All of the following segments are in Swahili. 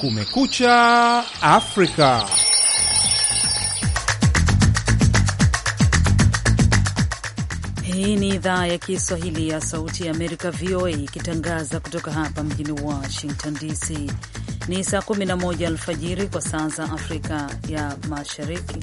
Kumekucha Afrika. Hii ni idhaa ya Kiswahili ya Sauti ya Amerika, VOA, ikitangaza kutoka hapa mjini Washington DC. Ni saa 11 alfajiri kwa saa za Afrika ya Mashariki,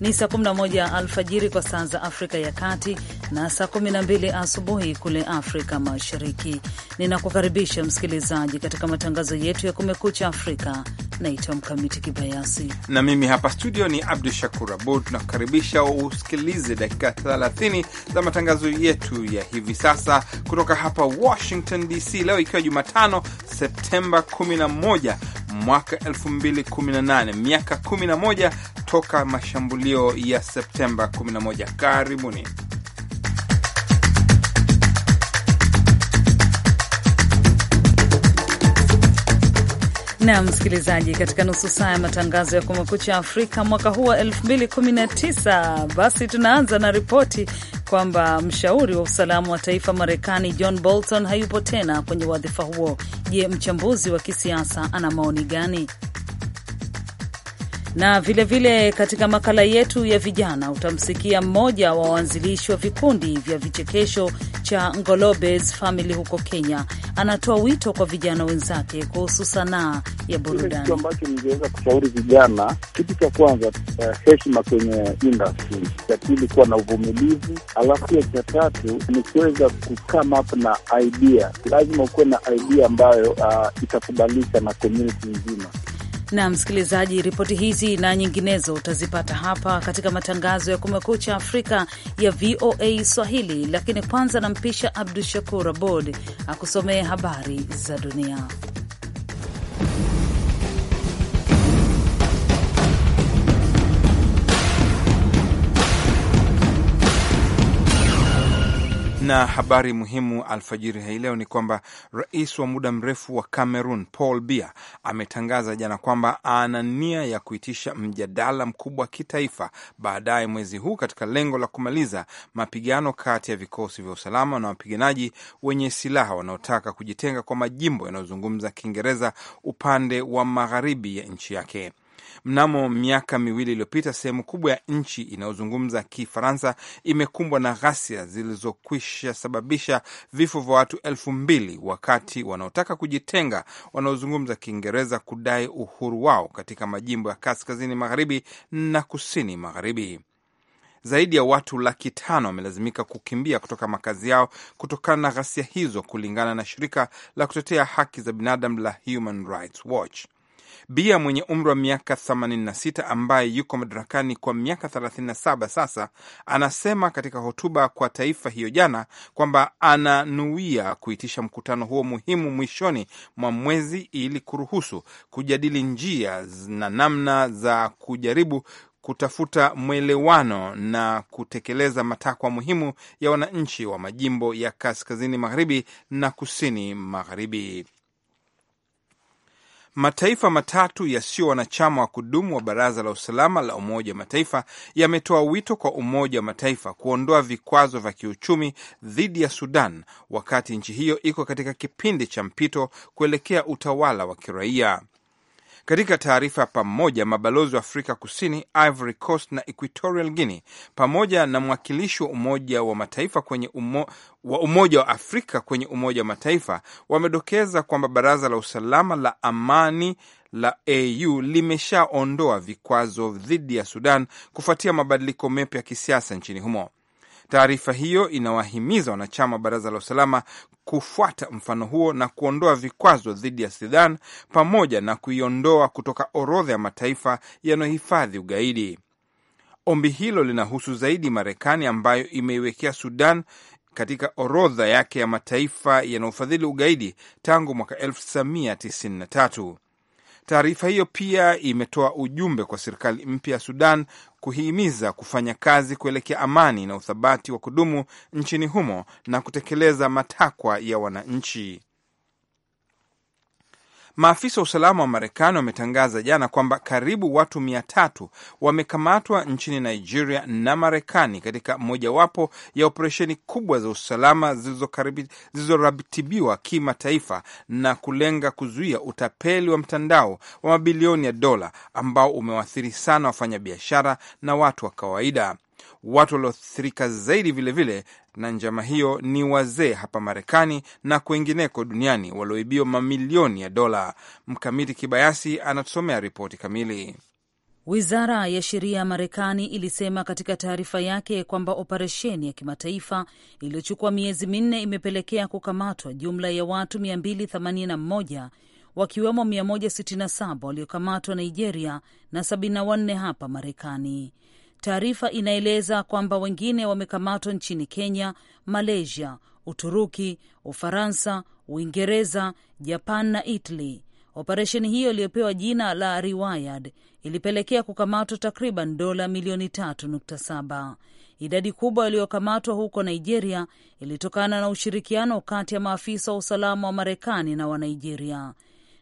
ni saa 11 alfajiri kwa saa za Afrika ya Kati na saa 12 asubuhi kule Afrika Mashariki. Ninakukaribisha msikilizaji katika matangazo yetu ya Kumekucha Afrika. Naitwa Mkamiti Kibayasi na mimi hapa studio ni Abdu Shakur Abud. Tunakukaribisha usikilize dakika 30 za matangazo yetu ya hivi sasa kutoka hapa Washington DC, leo ikiwa Jumatano Septemba 11 mwaka 2018, miaka 11 toka mashambulio ya Septemba 11. Karibuni. na msikilizaji, katika nusu saa ya matangazo ya Kumekucha Afrika mwaka huu wa 2019 basi tunaanza na ripoti kwamba mshauri wa usalama wa taifa Marekani John Bolton hayupo tena kwenye wadhifa huo. Je, mchambuzi wa kisiasa ana maoni gani? na vilevile vile katika makala yetu ya vijana utamsikia mmoja wa waanzilishi wa vikundi vya vichekesho cha Ngolobes Family huko Kenya. Anatoa wito kwa vijana wenzake kuhusu sanaa ya burudani. Kitu ambacho ningeweza kushauri vijana, kitu cha kwanza, eh, heshima kwenye industry. Cha pili, kuwa na uvumilivu, alafu pia cha tatu ni kuweza kucome up na idea. Lazima ukuwe na idea ambayo uh, itakubalika na community nzima. Na msikilizaji, ripoti hizi na nyinginezo utazipata hapa katika matangazo ya Kumekucha Afrika ya VOA Swahili, lakini kwanza nampisha Abdu Shakur Abod akusomee habari za dunia. Na habari muhimu alfajiri hii leo ni kwamba rais wa muda mrefu wa Cameroon Paul Biya ametangaza jana kwamba ana nia ya kuitisha mjadala mkubwa wa kitaifa baadaye mwezi huu katika lengo la kumaliza mapigano kati ya vikosi vya usalama na wapiganaji wenye silaha wanaotaka kujitenga kwa majimbo yanayozungumza Kiingereza upande wa magharibi ya nchi yake. Mnamo miaka miwili iliyopita, sehemu kubwa ya nchi inayozungumza Kifaransa imekumbwa na ghasia zilizokwisha sababisha vifo vya watu elfu mbili wakati wanaotaka kujitenga wanaozungumza Kiingereza kudai uhuru wao katika majimbo ya kaskazini magharibi na kusini magharibi. Zaidi ya watu laki tano wamelazimika kukimbia kutoka makazi yao kutokana na ghasia hizo, kulingana na shirika la kutetea haki za binadamu la Human Rights Watch. Bia mwenye umri wa miaka 86 ambaye yuko madarakani kwa miaka 37 sasa, anasema katika hotuba kwa taifa hiyo jana kwamba ananuia kuitisha mkutano huo muhimu mwishoni mwa mwezi ili kuruhusu kujadili njia na namna za kujaribu kutafuta mwelewano na kutekeleza matakwa muhimu ya wananchi wa majimbo ya kaskazini magharibi na kusini magharibi. Mataifa matatu yasiyo wanachama wa kudumu wa Baraza la Usalama la Umoja wa Mataifa yametoa wito kwa Umoja wa Mataifa kuondoa vikwazo vya kiuchumi dhidi ya Sudan wakati nchi hiyo iko katika kipindi cha mpito kuelekea utawala wa kiraia. Katika taarifa pamoja, mabalozi wa Afrika Kusini, Ivory Coast na Equatorial Guinea pamoja na mwakilishi wa Umoja wa Mataifa kwenye umo, wa Umoja wa Afrika kwenye Umoja wa Mataifa wamedokeza kwamba Baraza la Usalama la Amani la AU limeshaondoa vikwazo dhidi ya Sudan kufuatia mabadiliko mepya ya kisiasa nchini humo. Taarifa hiyo inawahimiza wanachama wa baraza la usalama kufuata mfano huo na kuondoa vikwazo dhidi ya Sudan pamoja na kuiondoa kutoka orodha ya mataifa yanayohifadhi ugaidi. Ombi hilo linahusu zaidi Marekani ambayo imeiwekea Sudan katika orodha yake ya mataifa yanayofadhili ugaidi tangu mwaka 1993. Taarifa hiyo pia imetoa ujumbe kwa serikali mpya ya Sudan kuhimiza kufanya kazi kuelekea amani na uthabati wa kudumu nchini humo na kutekeleza matakwa ya wananchi. Maafisa wa usalama wa Marekani wametangaza jana kwamba karibu watu mia tatu wamekamatwa nchini Nigeria na Marekani katika mojawapo ya operesheni kubwa za usalama zilizoratibiwa kimataifa na kulenga kuzuia utapeli wa mtandao wa mabilioni ya dola ambao umewaathiri sana wafanyabiashara na watu wa kawaida. Watu walioathirika zaidi vilevile vile na njama hiyo ni wazee hapa Marekani na kwengineko duniani walioibiwa mamilioni ya dola. Mkamiti Kibayasi anatusomea ripoti kamili. Wizara ya sheria ya Marekani ilisema katika taarifa yake kwamba operesheni ya kimataifa iliyochukua miezi minne imepelekea kukamatwa jumla ya watu 281 wakiwemo 167 waliokamatwa Nigeria na 74 hapa Marekani. Taarifa inaeleza kwamba wengine wamekamatwa nchini Kenya, Malaysia, Uturuki, Ufaransa, Uingereza, Japan na Italy. Operesheni hiyo iliyopewa jina la Rewired ilipelekea kukamatwa takriban dola milioni 3.7. Idadi kubwa iliyokamatwa huko Nigeria ilitokana na ushirikiano kati ya maafisa wa usalama wa Marekani na Wanigeria.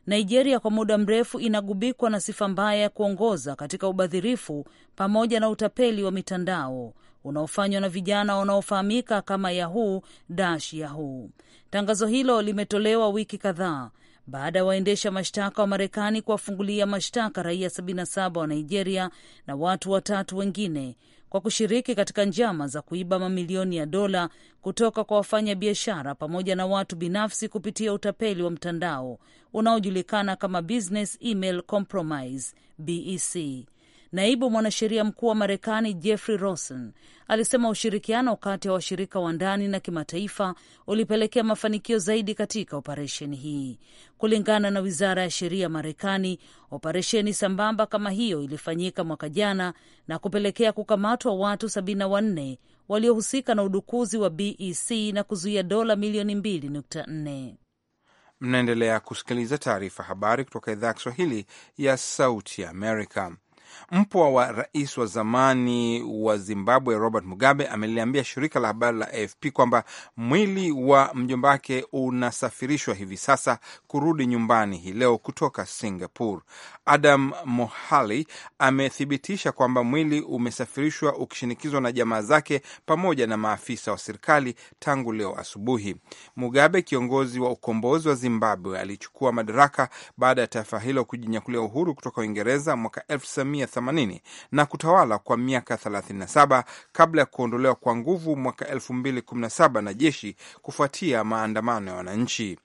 Nigeria kwa muda mrefu inagubikwa na sifa mbaya ya kuongoza katika ubadhirifu pamoja na utapeli wa mitandao unaofanywa na vijana wanaofahamika kama Yahoo Dash Yahoo. Tangazo hilo limetolewa wiki kadhaa baada ya waendesha mashtaka wa Marekani kuwafungulia mashtaka raia 77 wa Nigeria na watu watatu wengine kwa kushiriki katika njama za kuiba mamilioni ya dola kutoka kwa wafanyabiashara pamoja na watu binafsi kupitia utapeli wa mtandao unaojulikana kama Business Email Compromise BEC. Naibu mwanasheria mkuu wa Marekani Jeffrey Rosen alisema ushirikiano kati ya washirika wa ndani na kimataifa ulipelekea mafanikio zaidi katika operesheni hii. Kulingana na wizara ya sheria ya Marekani, operesheni sambamba kama hiyo ilifanyika mwaka jana na kupelekea kukamatwa watu 74 waliohusika na udukuzi wa BEC na kuzuia dola milioni 24 Mnaendelea kusikiliza taarifa habari kutoka idhaa ya Kiswahili ya Sauti Amerika. Mpwa wa rais wa zamani wa Zimbabwe Robert Mugabe ameliambia shirika la habari la AFP kwamba mwili wa mjomba wake unasafirishwa hivi sasa kurudi nyumbani hii leo kutoka Singapore. Adam Mohali amethibitisha kwamba mwili umesafirishwa ukishinikizwa na jamaa zake pamoja na maafisa wa serikali tangu leo asubuhi. Mugabe, kiongozi wa ukombozi wa Zimbabwe, alichukua madaraka baada ya taifa hilo kujinyakulia uhuru kutoka Uingereza mwaka 19 asilimia 80 na kutawala kwa miaka 37 kabla ya kuondolewa kwa nguvu mwaka 2017 na jeshi kufuatia maandamano ya wananchi.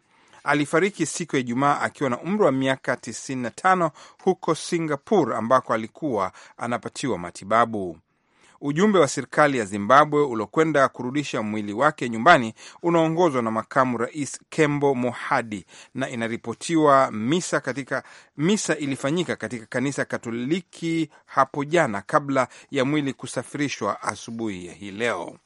Alifariki siku ya Ijumaa akiwa na umri wa miaka 95 huko Singapore ambako alikuwa anapatiwa matibabu. Ujumbe wa serikali ya Zimbabwe uliokwenda kurudisha mwili wake nyumbani unaongozwa na makamu rais Kembo Mohadi na inaripotiwa misa katika misa ilifanyika katika kanisa Katoliki hapo jana kabla ya mwili kusafirishwa asubuhi ya hii leo.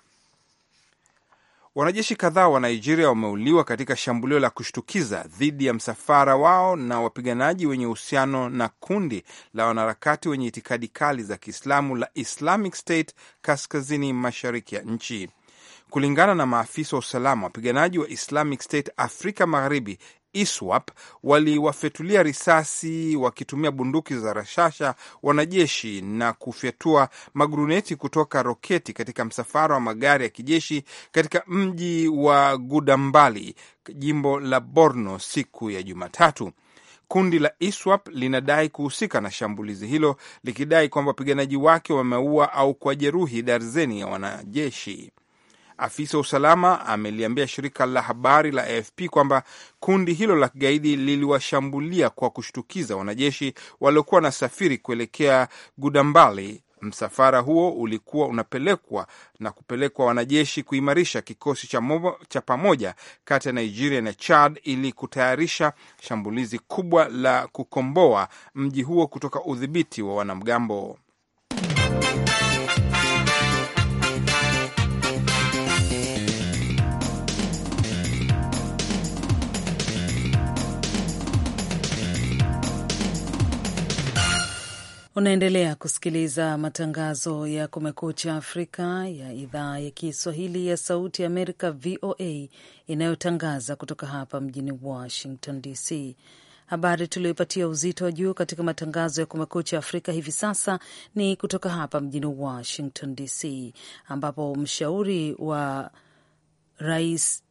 Wanajeshi kadhaa wa Nigeria wameuliwa katika shambulio la kushtukiza dhidi ya msafara wao na wapiganaji wenye uhusiano na kundi la wanaharakati wenye itikadi kali za Kiislamu la Islamic State kaskazini mashariki ya nchi. Kulingana na maafisa wa usalama, wapiganaji wa Islamic State Afrika Magharibi ISWAP waliwafyatulia risasi wakitumia bunduki za rashasha wanajeshi na kufyatua maguruneti kutoka roketi katika msafara wa magari ya kijeshi katika mji wa Gudambali, jimbo la Borno siku ya Jumatatu. Kundi la ISWAP linadai kuhusika na shambulizi hilo likidai kwamba wapiganaji wake wameua au kuwajeruhi darzeni ya wanajeshi. Afisa wa usalama ameliambia shirika la habari la AFP kwamba kundi hilo la kigaidi liliwashambulia kwa kushtukiza wanajeshi waliokuwa wanasafiri kuelekea Gudambali. Msafara huo ulikuwa unapelekwa na kupelekwa wanajeshi kuimarisha kikosi cha, mobo, cha pamoja kati ya Nigeria na Chad ili kutayarisha shambulizi kubwa la kukomboa mji huo kutoka udhibiti wa wanamgambo. Unaendelea kusikiliza matangazo ya Kumekucha Afrika ya idhaa ya Kiswahili ya Sauti Amerika, VOA, inayotangaza kutoka hapa mjini Washington DC. Habari tuliyoipatia uzito wa juu katika matangazo ya Kumekucha Afrika hivi sasa ni kutoka hapa mjini Washington DC, ambapo mshauri wa rais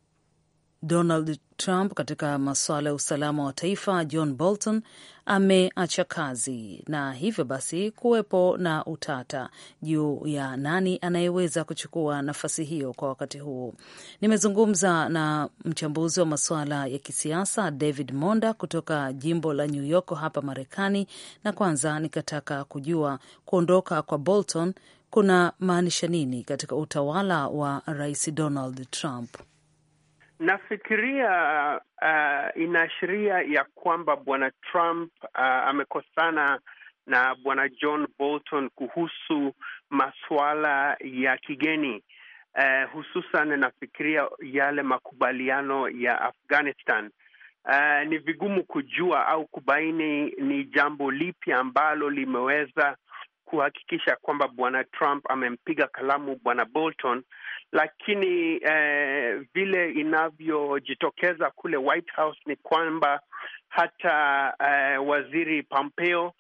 Donald Trump katika masuala ya usalama wa taifa John Bolton ameacha kazi na hivyo basi kuwepo na utata juu ya nani anayeweza kuchukua nafasi hiyo kwa wakati huo Nimezungumza na mchambuzi wa masuala ya kisiasa David Monda kutoka jimbo la New York hapa Marekani, na kwanza nikataka kujua kuondoka kwa Bolton kuna maanisha nini katika utawala wa Rais Donald Trump. Nafikiria uh, inaashiria ya kwamba bwana Trump uh, amekosana na bwana John Bolton kuhusu masuala ya kigeni uh, hususan nafikiria yale makubaliano ya Afghanistan. Uh, ni vigumu kujua au kubaini ni jambo lipi ambalo limeweza kuhakikisha kwamba bwana Trump amempiga kalamu bwana Bolton lakini eh, vile inavyojitokeza kule White House ni kwamba hata eh, waziri Pompeo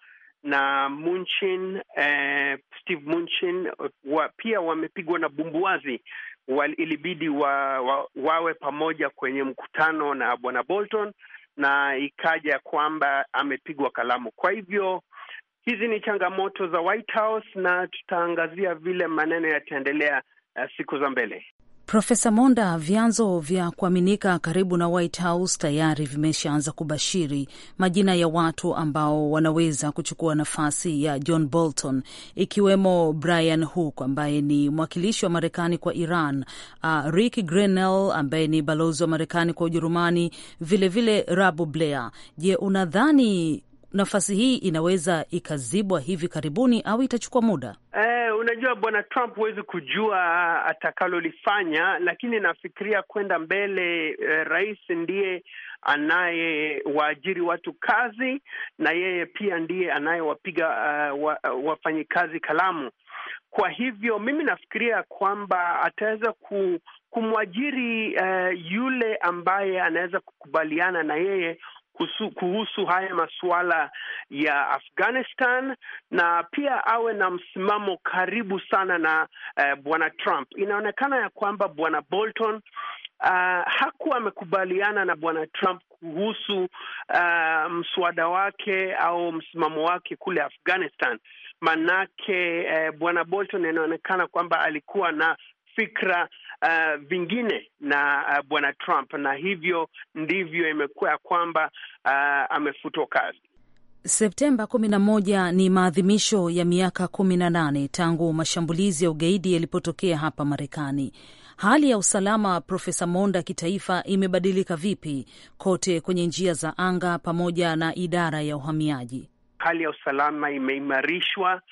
na Munchin eh, Steve Munchin wa, pia wamepigwa na bumbuazi wa, ilibidi wa, wa, wawe pamoja kwenye mkutano na bwana Bolton na ikaja kwamba amepigwa kalamu. Kwa hivyo hizi ni changamoto za White House na tutaangazia vile maneno yataendelea Eh, siku za mbele. Profesa Monda, vyanzo vya kuaminika karibu na White House tayari vimeshaanza kubashiri majina ya watu ambao wanaweza kuchukua nafasi ya John Bolton, ikiwemo Brian Hook ambaye ni mwakilishi wa Marekani kwa Iran, uh, Rick Grenell ambaye ni balozi wa Marekani kwa Ujerumani, vilevile Rabu Blair. Je, unadhani nafasi hii inaweza ikazibwa hivi karibuni au itachukua muda? Eh, unajua bwana Trump huwezi kujua atakalolifanya, lakini nafikiria kwenda mbele, eh, rais ndiye anayewaajiri watu kazi na yeye pia ndiye anayewapiga uh, wa, wafanyikazi kalamu. Kwa hivyo mimi nafikiria kwamba ataweza ku, kumwajiri uh, yule ambaye anaweza kukubaliana na yeye kuhusu, kuhusu haya masuala ya Afghanistan na pia awe na msimamo karibu sana na uh, bwana Trump. Inaonekana ya kwamba bwana Bolton uh, hakuwa amekubaliana na bwana Trump kuhusu uh, mswada wake au msimamo wake kule Afghanistan. Manake uh, bwana Bolton inaonekana kwamba alikuwa na fikra uh, vingine na uh, bwana Trump, na hivyo ndivyo imekuwa ya kwamba uh, amefutwa kazi. Septemba 11 ni maadhimisho ya miaka 18 tangu mashambulizi ya ugaidi yalipotokea hapa Marekani. Hali ya usalama, Profesa Monda, kitaifa imebadilika vipi kote kwenye njia za anga pamoja na idara ya uhamiaji? Hali ya usalama imeimarishwa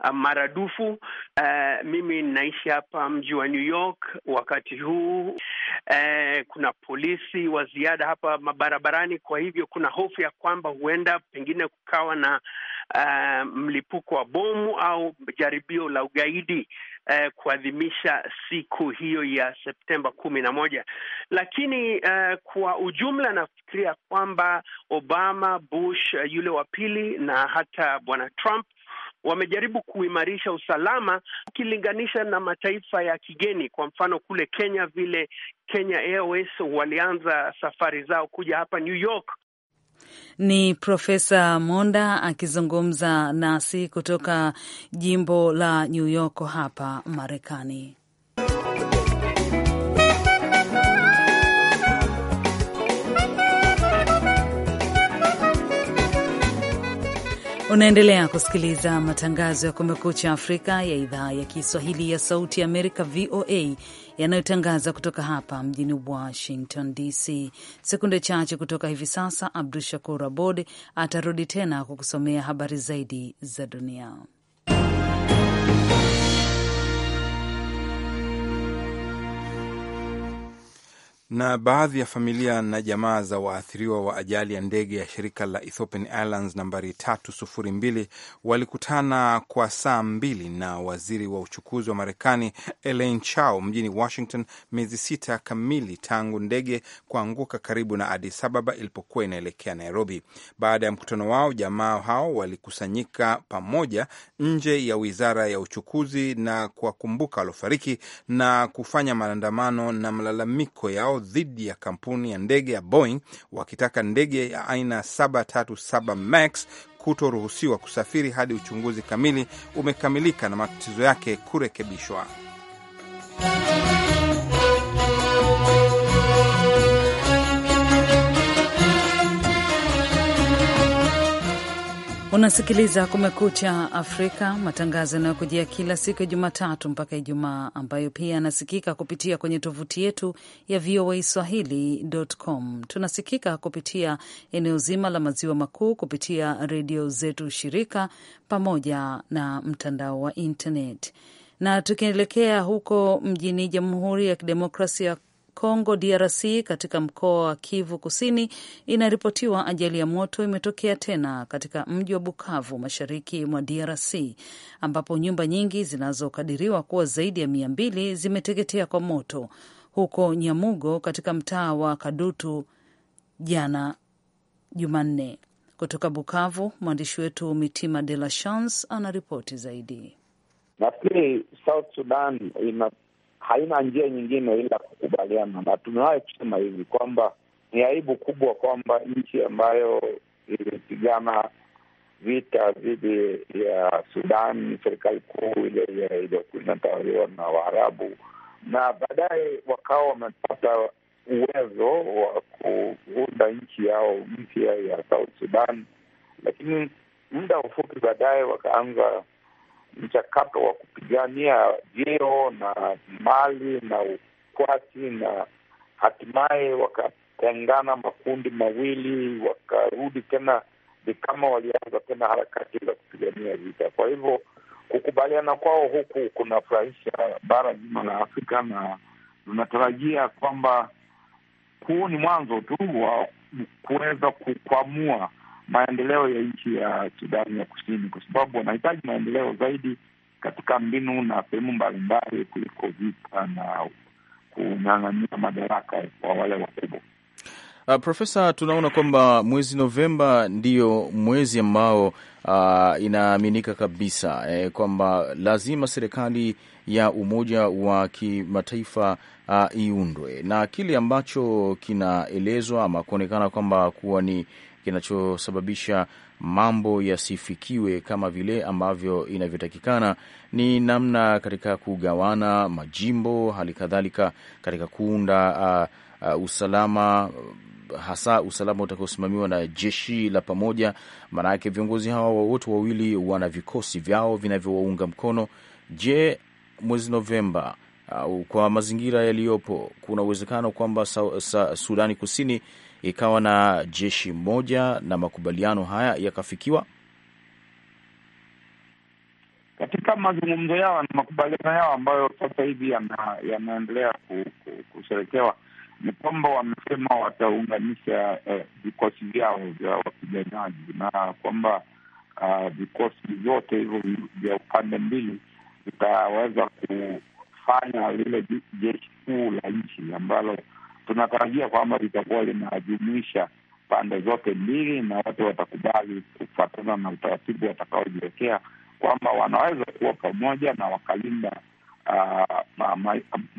Uh, maradufu. Uh, mimi ninaishi hapa mji wa New York wakati huu. Uh, kuna polisi wa ziada hapa mabarabarani, kwa hivyo kuna hofu ya kwamba huenda pengine kukawa na uh, mlipuko wa bomu au jaribio la ugaidi uh, kuadhimisha siku hiyo ya Septemba kumi na moja, lakini uh, kwa ujumla nafikiria kwamba Obama, Bush uh, yule wa pili na hata bwana Trump wamejaribu kuimarisha usalama ukilinganisha na mataifa ya kigeni. Kwa mfano kule Kenya, vile Kenya Airways walianza safari zao kuja hapa New York. Ni Profesa Monda akizungumza nasi kutoka jimbo la New York hapa Marekani. Unaendelea kusikiliza matangazo ya Kumekucha Afrika ya idhaa ya Kiswahili ya Sauti ya Amerika, VOA, yanayotangaza kutoka hapa mjini Washington DC. Sekunde chache kutoka hivi sasa, Abdu Shakur Abod atarudi tena kukusomea habari zaidi za dunia. Na baadhi ya familia na jamaa za waathiriwa wa ajali ya ndege ya shirika la Ethiopian Airlines nambari mbili walikutana kwa saa mbili na waziri wa uchukuzi wa Marekani Elaine Chao mjini Washington, miezi sita kamili tangu ndege kuanguka karibu na Addis Ababa ilipokuwa inaelekea Nairobi. Baada ya mkutano wao, jamaa hao walikusanyika pamoja nje ya wizara ya uchukuzi na kuwakumbuka waliofariki na kufanya maandamano na malalamiko yao yao dhidi ya kampuni ya ndege ya Boeing wakitaka ndege ya aina 737 Max kutoruhusiwa kusafiri hadi uchunguzi kamili umekamilika na matatizo yake kurekebishwa. Unasikiliza Kumekucha Afrika, matangazo yanayokujia kila siku ya Jumatatu mpaka Ijumaa, ambayo pia yanasikika kupitia kwenye tovuti yetu ya VOA Swahili.com. Tunasikika kupitia eneo zima la maziwa makuu kupitia redio zetu shirika, pamoja na mtandao wa internet. Na tukielekea huko mjini Jamhuri ya Kidemokrasia Kongo DRC katika mkoa wa Kivu Kusini inaripotiwa ajali ya moto imetokea tena katika mji wa Bukavu mashariki mwa DRC ambapo nyumba nyingi zinazokadiriwa kuwa zaidi ya mia mbili zimeteketea kwa moto huko Nyamugo katika mtaa wa Kadutu jana Jumanne. Kutoka Bukavu, mwandishi wetu Mitima De La Chance anaripoti zaidi. Nafikiri South Sudan ina haina njia nyingine ila kukubaliana, na tumewahi kusema hivi kwamba ni aibu kubwa kwamba nchi ambayo ilipigana vita dhidi ya Sudan, serikali kuu ile iliyokuwa inatawaliwa na Waarabu, na baadaye wakawa wamepata uwezo wa kuunda nchi yao mpya ya South Sudan, lakini muda mfupi baadaye wakaanza mchakato wa kupigania vyeo na mali na ukwasi, na hatimaye wakatengana makundi mawili, wakarudi tena, ni kama walianza tena harakati za kupigania vita. Kwa hivyo kukubaliana kwao huku kunafurahisha bara zima la Afrika, na tunatarajia kwamba huu ni mwanzo tu wa kuweza kukwamua maendeleo ya nchi ya Sudani ya Kusini, kwa sababu wanahitaji maendeleo zaidi katika mbinu na sehemu mbalimbali kuliko vita na kung'ang'ania madaraka kwa wale wakubwa. Uh, Profesa, tunaona kwamba mwezi Novemba ndiyo mwezi ambao uh, inaaminika kabisa eh, kwamba lazima serikali ya umoja wa kimataifa uh, iundwe na kile ambacho kinaelezwa ama kuonekana kwamba kuwa ni kinachosababisha mambo yasifikiwe kama vile ambavyo inavyotakikana ni namna katika kugawana majimbo, hali kadhalika katika kuunda uh, uh, usalama hasa usalama utakaosimamiwa na jeshi la pamoja. Maanake viongozi hawa wote wawili wana vikosi vyao vinavyowaunga mkono. Je, mwezi Novemba, uh, kwa mazingira yaliyopo, kuna uwezekano kwamba Sudani Kusini ikawa na jeshi moja na makubaliano haya yakafikiwa? Katika mazungumzo yao na makubaliano yao ambayo sasa hivi yanaendelea ku, kusherekewa ni kwamba wamesema wataunganisha eh, vikosi eh, vyao vya wapiganaji na kwamba ah, vikosi uh, vyote hivyo vya upande mbili vitaweza kufanya lile jeshi kuu la nchi ambalo tunatarajia kwamba litakuwa linajumuisha pande zote mbili na wote watakubali kufuatana na utaratibu watakaojiwekea kwamba wanaweza kuwa pamoja na wakalinda uh, ma, ma,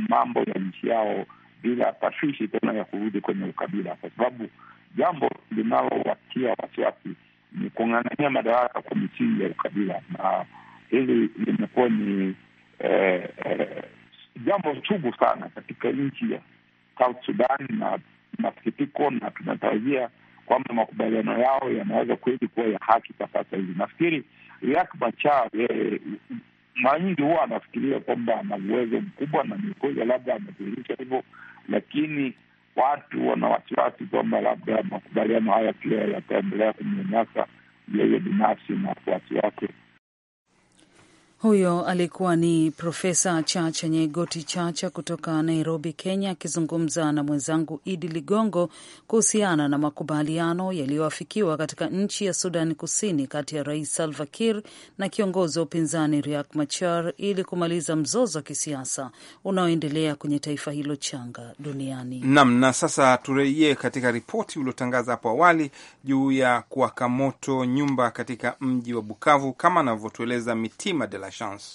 mambo ya nchi yao bila tashwishi tena ya kurudi kwenye ukabila, kwa sababu jambo linalowatia wasiwasi ni kung'ang'ania madaraka kwa misingi ya ukabila, na hili limekuwa ni eh, eh, jambo sugu sana katika nchi South Sudan na masikitiko, na tunatarajia kwamba makubaliano yao yanaweza kweli kuwa ya haki kwa sasa hivi. Nafikiri Riek Machar eh, mara nyingi huwa anafikiria kwamba ana uwezo mkubwa, na ni kweli labda amedhihirisha hivyo, lakini watu wana wasiwasi kwamba labda makubaliano haya pia yataendelea kumnyanyasa yeye binafsi na wafuasi wake. Huyo alikuwa ni Profesa Chacha Nyegoti Chacha kutoka Nairobi, Kenya, akizungumza na mwenzangu Idi Ligongo kuhusiana na makubaliano yaliyoafikiwa katika nchi ya Sudan Kusini kati ya Rais Salva Kiir na kiongozi wa upinzani riak Machar ili kumaliza mzozo wa kisiasa unaoendelea kwenye taifa hilo changa duniani. Naam, na sasa turejie katika ripoti uliotangaza hapo awali juu ya kuwaka moto nyumba katika mji wa Bukavu, kama anavyotueleza Mitima de la chance.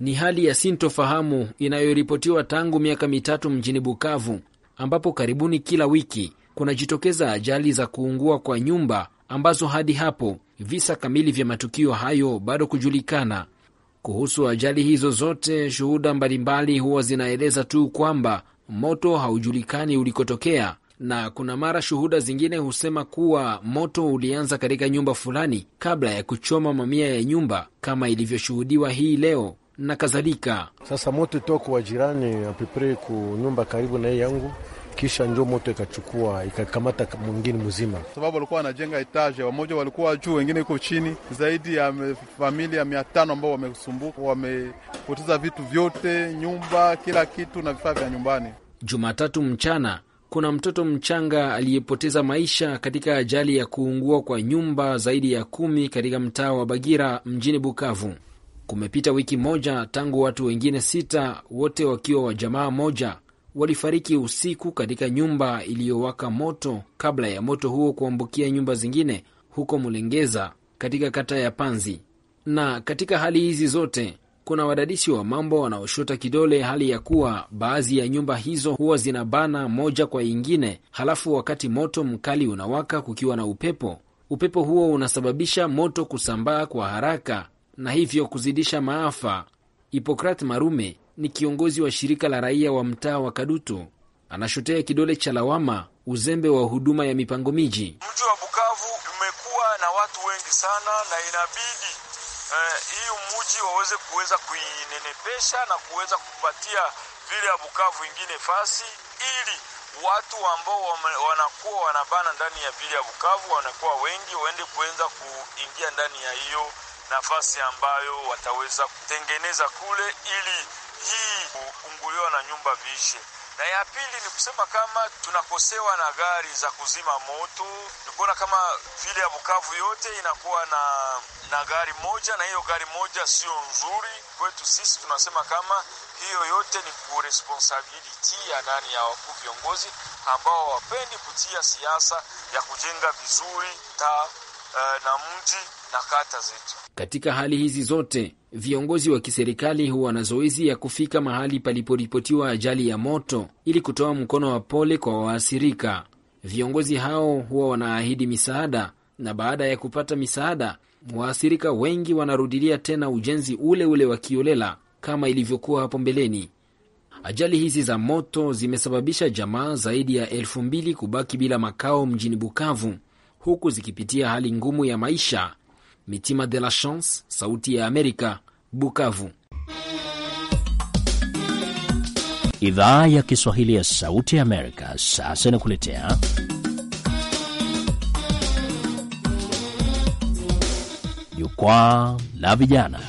Ni hali ya sintofahamu inayoripotiwa tangu miaka mitatu mjini Bukavu, ambapo karibuni kila wiki kunajitokeza ajali za kuungua kwa nyumba ambazo hadi hapo visa kamili vya matukio hayo bado kujulikana. Kuhusu ajali hizo zote, shuhuda mbalimbali huwa zinaeleza tu kwamba moto haujulikani ulikotokea na kuna mara shuhuda zingine husema kuwa moto ulianza katika nyumba fulani kabla ya kuchoma mamia ya nyumba kama ilivyoshuhudiwa hii leo na kadhalika. Sasa moto toka wa jirani apepre ku nyumba karibu na hii yangu, kisha njo moto ikachukua ikakamata mwingine mzima, sababu walikuwa wanajenga etaje, wamoja walikuwa juu, wengine iko chini. Zaidi ya familia mia tano ambao wamesumbuka, wamepoteza vitu vyote, nyumba, kila kitu na vifaa vya nyumbani jumatatu mchana kuna mtoto mchanga aliyepoteza maisha katika ajali ya kuungua kwa nyumba zaidi ya kumi katika mtaa wa Bagira mjini Bukavu. Kumepita wiki moja tangu watu wengine sita, wote wakiwa wa jamaa moja, walifariki usiku katika nyumba iliyowaka moto kabla ya moto huo kuambukia nyumba zingine huko Mulengeza katika kata ya Panzi. Na katika hali hizi zote kuna wadadisi wa mambo wanaoshota kidole hali ya kuwa baadhi ya nyumba hizo huwa zinabana moja kwa ingine, halafu wakati moto mkali unawaka, kukiwa na upepo, upepo huo unasababisha moto kusambaa kwa haraka na hivyo kuzidisha maafa. Hipokrat Marume ni kiongozi wa shirika la raia wa mtaa wa Kadutu, anashotea kidole cha lawama uzembe wa huduma ya mipango miji. Mji wa Bukavu umekuwa na watu wengi sana na inabidi hii eh, mji waweze kuweza kuinenepesha na kuweza kupatia vile ya Bukavu ingine fasi ili watu ambao wanakuwa wanabana ndani ya vile ya Bukavu wanakuwa wengi waende kuweza kuingia ndani ya hiyo nafasi ambayo wataweza kutengeneza kule ili hii kuunguliwa na nyumba viishe na ya pili ni kusema kama tunakosewa na gari za kuzima moto. Ni kuona kama vile ya Bukavu yote inakuwa na, na gari moja, na hiyo gari moja sio nzuri kwetu sisi. Tunasema kama hiyo yote ni kuresponsabiliti ya nani, ya wakuu viongozi ambao wapendi kutia siasa ya kujenga vizuri ta uh, eh, na mji na kata zetu. Katika hali hizi zote Viongozi wa kiserikali huwa na zoezi ya kufika mahali paliporipotiwa ajali ya moto ili kutoa mkono wa pole kwa waathirika. Viongozi hao huwa wanaahidi misaada, na baada ya kupata misaada, waathirika wengi wanarudilia tena ujenzi ule ule wa kiolela kama ilivyokuwa hapo mbeleni. Ajali hizi za moto zimesababisha jamaa zaidi ya elfu mbili kubaki bila makao mjini Bukavu, huku zikipitia hali ngumu ya maisha Mitima de la Chance, Sauti ya Amerika, Bukavu. Idhaa ya Kiswahili ya Sauti ya Amerika sasa inakuletea Jukwaa la Vijana.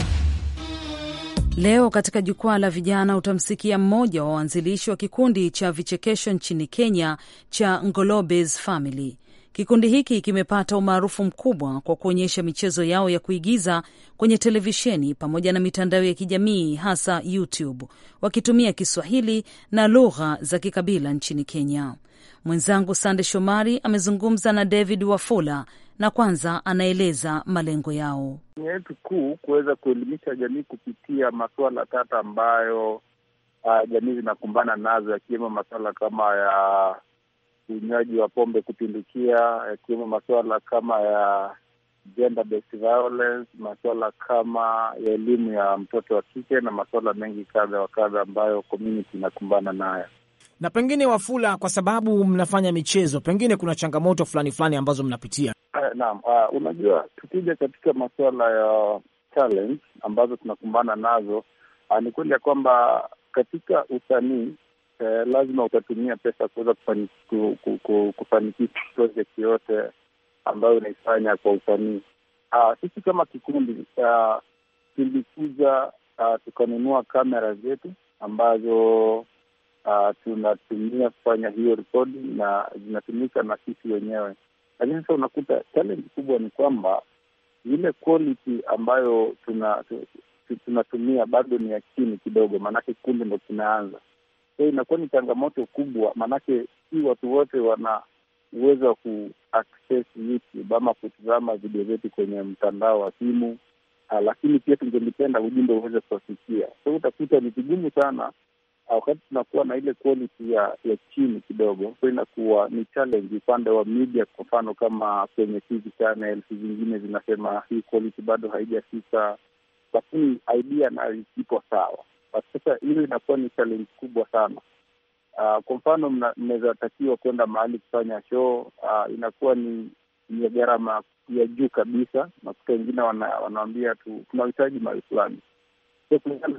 Leo katika Jukwaa la Vijana utamsikia mmoja wa waanzilishi wa kikundi cha vichekesho nchini Kenya cha Ngolobes Family. Kikundi hiki kimepata umaarufu mkubwa kwa kuonyesha michezo yao ya kuigiza kwenye televisheni pamoja na mitandao ya kijamii hasa YouTube, wakitumia Kiswahili na lugha za kikabila nchini Kenya. Mwenzangu Sande Shomari amezungumza na David Wafula na kwanza anaeleza malengo yao. Nia yetu kuu kuweza kuelimisha jamii kupitia masuala tata ambayo uh, jamii zinakumbana nazo, yakiwemo masuala kama ya unywaji wa pombe kupindukia, yakiwemo masuala kama ya gender based violence, masuala kama ya elimu ya mtoto wa kike na masuala mengi kadha wa kadha ambayo community inakumbana nayo. Na pengine Wafula, kwa sababu mnafanya michezo, pengine kuna changamoto fulani fulani ambazo mnapitia? Uh, naam. Uh, unajua tukija katika masuala ya challenge ambazo tunakumbana nazo, uh, ni kweli ya kwamba katika usanii eh, lazima utatumia pesa kuweza kufanikisha projekti yote ambayo unaifanya kwa usanii. Uh, sisi kama kikundi uh, tulikuja uh, tukanunua kamera zetu ambazo uh, tunatumia kufanya hiyo rekodi na zinatumika na sisi wenyewe, lakini sasa unakuta challenge kubwa ni kwamba ile quality ambayo tuna tunatumia bado ni ya chini kidogo, maanake kikundi ndo kinaanza. So inakuwa ni changamoto kubwa, maanake si watu wote wana uwezo wa kuaccess YouTube ama kutizama video zetu kwenye mtandao wa simu, ah, lakini pia tungelipenda ujumbe uweze kuwafikia. So utakuta ni vigumu sana ah, wakati tunakuwa na ile quality ya ya chini kidogo, so inakuwa ni challenge upande wa media. Kwa mfano kama kwenye TV channels zingine zinasema hii quality bado haijafika, lakini idea nayo ipo sawa. Sasa hiyo inakuwa ni challenge kubwa sana. Uh, kwa mfano mnaweza takiwa kwenda mahali kufanya show uh, inakuwa ni ya gharama ya juu kabisa. Nakuta wengine wanaambia tu tunahitaji mali fulani, so kulingana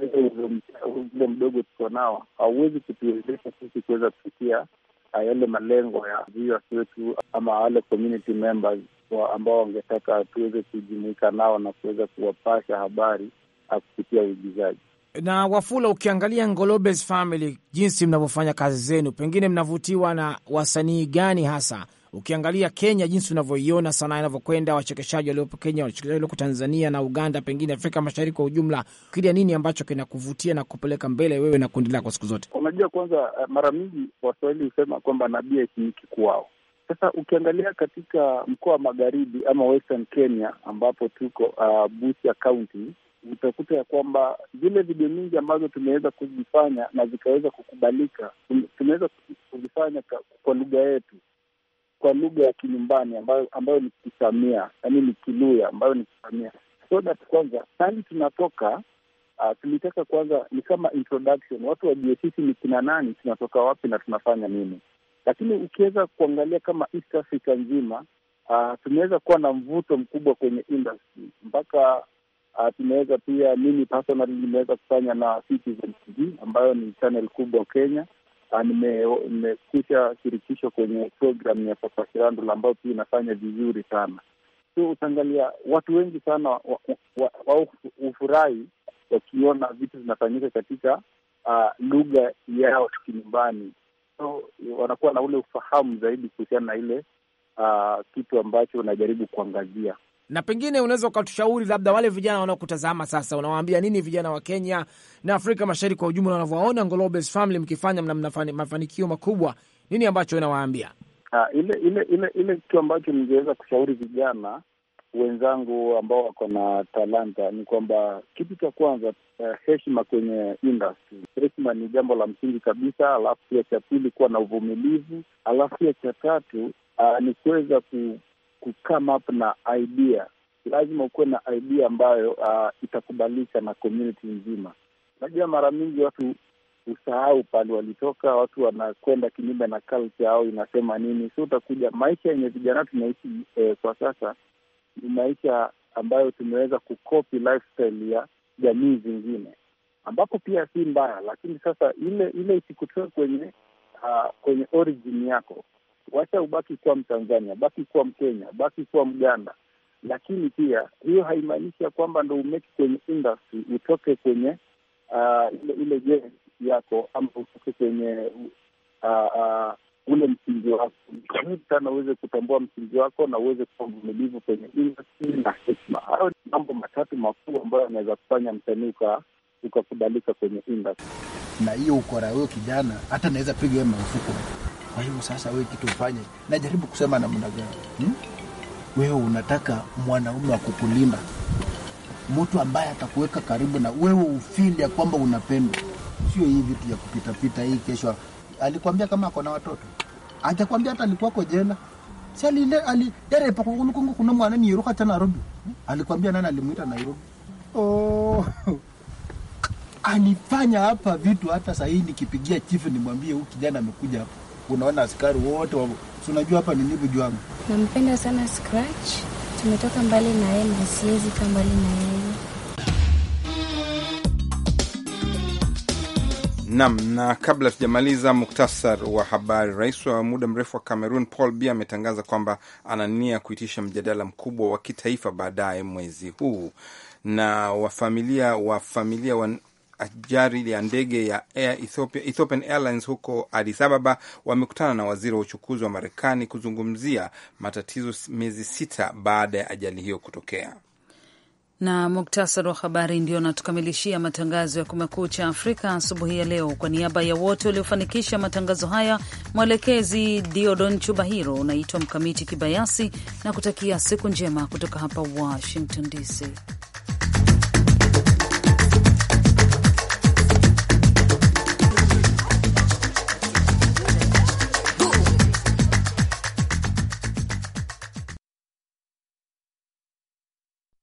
na mdogo tuko nao, hauwezi kutuwezesha sisi kuweza kufikia ah, yale malengo ya viewers wetu ama wale community members ambao wangetaka tuweze kujumuika nao na kuweza kuwapasha habari kupitia uigizaji. Na Wafula, ukiangalia Ngolobes Family, jinsi mnavyofanya kazi zenu, pengine mnavutiwa na wasanii gani hasa? Ukiangalia Kenya, jinsi unavyoiona sanaa inavyokwenda, wachekeshaji waliopo Kenya, wachekeshaji walioko Tanzania na Uganda, pengine Afrika Mashariki kwa ujumla, kilia nini ambacho kinakuvutia na kupeleka mbele wewe na kundi lako siku zote? Unajua, kwanza eh, mara mingi Waswahili husema kwamba nabia ikinyiki kwao. Sasa ukiangalia katika mkoa wa magharibi ama Western Kenya ambapo tuko uh, Busia County utakuta ya kwamba zile video nyingi ambazo tumeweza kuzifanya na zikaweza kukubalika, tumeweza kuzifanya kwa lugha yetu, kwa lugha ya kinyumbani ambayo ambayo ni Kisamia, yaani ni Kiluya ambayo ni Kisamia. So that kwanza tangi tunatoka Uh, tulitaka kwanza ni kama introduction, watu wajue sisi ni kina nani, tunatoka wapi na tunafanya nini. Lakini ukiweza kuangalia kama East Africa nzima, uh, tumeweza kuwa na mvuto mkubwa kwenye industry mpaka Ah, tumeweza pia, mimi personally nimeweza kufanya na Citizen TV ambayo ni channel kubwa Kenya. Ah, nime shirikisho kwenye program ya Papa Shirandula ambayo pia inafanya vizuri sana. So utaangalia watu wengi sana wao wa, wa wa wakiona vitu zinafanyika katika uh, lugha yao kinyumbani. So wanakuwa na ule ufahamu zaidi kuhusiana na ile uh, kitu ambacho unajaribu kuangazia na pengine unaweza ukatushauri labda wale vijana wanaokutazama sasa, unawaambia nini vijana wa Kenya na Afrika Mashariki kwa ujumla, wanavyoona Ngolo Family mkifanya mna mafanikio makubwa, nini ambacho unawaambia? Ah, ile ile ile ile kitu ambacho ningeweza kushauri vijana wenzangu ambao wako na talanta ni kwamba kitu cha kwanza, uh, heshima kwenye industry. Heshima ni jambo la msingi kabisa, alafu pia cha pili kuwa na uvumilivu, alafu pia cha tatu uh, ni kuweza ku come up na idea. Lazima ukuwe na idea ambayo uh, itakubalika na community nzima. Unajua, mara mingi watu usahau pale walitoka, watu wanakwenda kinyumba na culture au inasema nini. So utakuja maisha yenye vijana tunaishi eh, kwa sasa ni maisha ambayo tumeweza kukopi lifestyle ya jamii zingine, ambapo pia si mbaya, lakini sasa ile ile isikutoe kwenye uh, kwenye origin yako. Wacha ubaki kuwa Mtanzania, baki kuwa Mkenya, baki kuwa Mganda, lakini pia hiyo haimaanishi ya kwamba ndo umeki kwenye industry utoke kwenye uh, ile ile yako ama utoke kwenye uh, uh, ule msingi wako. Muhimu sana uweze kutambua msingi wako na uweze kuwa mvumilivu kwenye industry na hekima. Hayo ni mambo matatu makuu ambayo anaweza kufanya msanii ukakubalika kwenye industry, na hiyo ukora huyo kijana hata anaweza piga marufuku kwa hiyo sasa wewe kitu ufanye, najaribu kusema namna gani hmm? Wewe unataka mwanaume wa kukulinda, mtu ambaye atakuweka karibu na wewe, ufili ya kwamba unapendwa, sio hii vitu ya kupitapita hii. Kesho alikwambia kama ako na watoto, angekwambia hata alikuwako jela Sali ali yare pa kungu kuna mwana ni yuruka tena Nairobi. Alikwambia nani alimuita Nairobi? Oh. Anifanya hapa vitu hata sahii nikipigia chief nimwambie huyu kijana amekuja hapa unaona askari wote wa... unajua hapa ni nibu juangu. Nampenda sana Scratch, tumetoka mbali na yeye na siwezi kaa mbali na yeye. Nam na kabla tujamaliza muktasar wa habari, rais wa muda mrefu wa Cameroon Paul Biya ametangaza kwamba anania kuitisha mjadala mkubwa wa kitaifa baadaye mwezi huu na wafamilia wa familia ajari ya ndege ya Air Ethiopia, Ethiopian Airlines huko Addis Ababa wamekutana na waziri wa uchukuzi wa Marekani kuzungumzia matatizo miezi sita baada ya ajali hiyo kutokea. Na muktasari wa habari ndio natukamilishia matangazo ya Kumekucha Afrika asubuhi ya leo. Kwa niaba ya wote waliofanikisha matangazo haya, mwelekezi Diodon Chubahiro, unaitwa Mkamiti Kibayasi na kutakia siku njema kutoka hapa Washington DC.